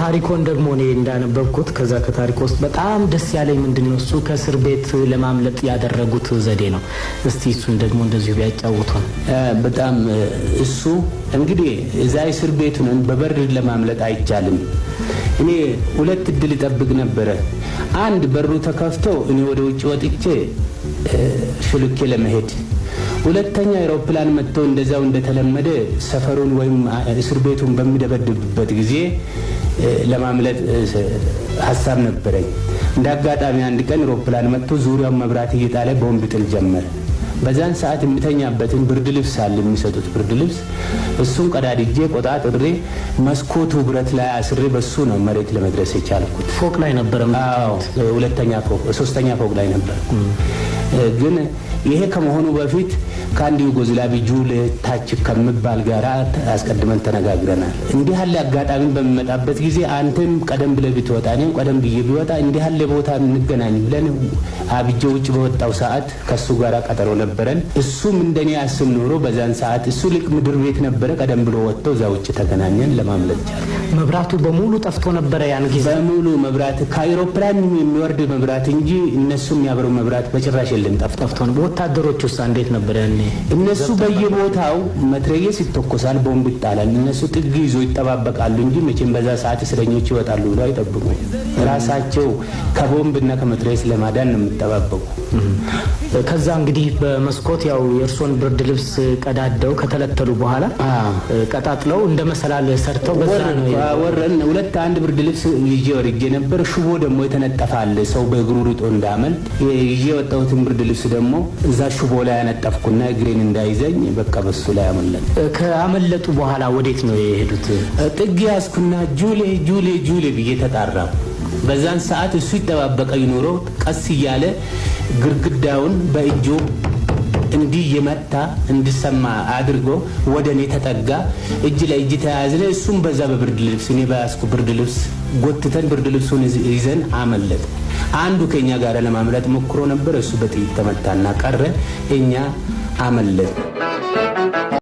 ታሪኮን ደግሞ እኔ እንዳነበብኩት ከዛ ከታሪኮ ውስጥ በጣም ደስ ያለኝ ምንድን ነው እሱ ከእስር ቤት ለማምለጥ ያደረጉት ዘዴ ነው። እስቲ እሱን ደግሞ እንደዚሁ ቢያጫውቷል። በጣም እሱ እንግዲህ እዛ እስር ቤቱን በበር ለማምለጥ አይቻልም። እኔ ሁለት እድል ይጠብቅ ነበረ። አንድ በሩ ተከፍቶ እኔ ወደ ውጭ ወጥቼ ሽልኬ ለመሄድ ሁለተኛ አውሮፕላን መጥተው እንደዛው እንደተለመደ ሰፈሩን ወይም እስር ቤቱን በሚደበድብበት ጊዜ ለማምለጥ ሀሳብ ነበረኝ። እንደ አጋጣሚ አንድ ቀን አውሮፕላን መጥቶ ዙሪያውን መብራት እየጣለ ቦምብ ጥል ጀመረ። በዛን ሰዓት የምተኛበትን ብርድ ልብስ አለ፣ የሚሰጡት ብርድ ልብስ እሱን ቀዳድጄ ቆጣጥሬ መስኮቱ ብረት ላይ አስሬ በሱ ነው መሬት ለመድረስ የቻልኩት። ፎቅ ላይ ነበረ፣ ሁለተኛ ፎቅ፣ ሶስተኛ ፎቅ ላይ ነበር። ግን ይሄ ከመሆኑ በፊት ከአንድ ዩጎዝላቪ ጁል ታች ከምባል ጋር አስቀድመን ተነጋግረናል። እንዲህ ያለ አጋጣሚ በሚመጣበት ጊዜ አንተም ቀደም ብለህ ብትወጣ እኔም ቀደም ብዬ ቢወጣ እንዲህ ያለ ቦታ እንገናኝ ብለን አብጀ ውጭ በወጣው ሰዓት ከሱ ጋር ቀጠሮ ነበረን። እሱም እንደኔ አስብ ኖሮ በዛን ሰዓት እሱ ልቅ ምድር ቤት ነበረ። ቀደም ብሎ ወጥተው እዛ ውጭ ተገናኘን። ለማምለት ቻለ። መብራቱ በሙሉ ጠፍቶ ነበረ ያን ጊዜ በሙሉ መብራት ከአይሮፕላን የሚወርድ መብራት እንጂ እነሱ የሚያበሩ መብራት በጭራሽ የለም። ጠፍጠፍቶ ነው። ወታደሮች ውስጥ እንዴት ነበረ? ያኔ እነሱ በየቦታው መትረየስ ይተኮሳል፣ ቦምብ ይጣላል። እነሱ ጥግ ይዞ ይጠባበቃሉ እንጂ መቼም በዛ ሰዓት እስረኞች ይወጣሉ ብሎ አይጠብቁ። ራሳቸው ከቦምብና ከመትረየስ ለማዳን ነው የሚጠባበቁ። ከዛ እንግዲህ በመስኮት ያው የእርሶን ብርድ ልብስ ቀዳደው ከተለተሉ በኋላ ቀጣጥለው እንደ መሰላል ሰርተው በዛ ነው ወረን። ሁለት አንድ ብርድ ልብስ ይዤ ወርጄ ነበር። ሽቦ ደግሞ የተነጠፋል ሰው በእግሩ ርጦ እንዳመልጥ። ይዤ የወጣሁትን ብርድ ልብስ ደግሞ እዛ ሽቦ ላይ ያነጠፍኩና እግሬን እንዳይዘኝ በቃ በሱ ላይ አመለጡ። ከአመለጡ በኋላ ወዴት ነው የሄዱት? ጥግ ያዝኩና ጁሌ ጁሌ ጁሌ ብዬ ተጣራ። በዛን ሰዓት እሱ ይጠባበቀኝ ኖሮ ቀስ እያለ ግርግዳውን በእጆ እንዲህ የመታ እንድሰማ አድርጎ ወደ እኔ ተጠጋ። እጅ ለእጅ ተያያዝን። እሱም በዛ በብርድ ልብስ እኔ በያዝኩ ብርድ ልብስ ጎትተን ብርድ ልብሱን ይዘን አመለጥ። አንዱ ከኛ ጋር ለማምለጥ ሞክሮ ነበር። እሱ በጥይት ተመታና ቀረ እኛ عمل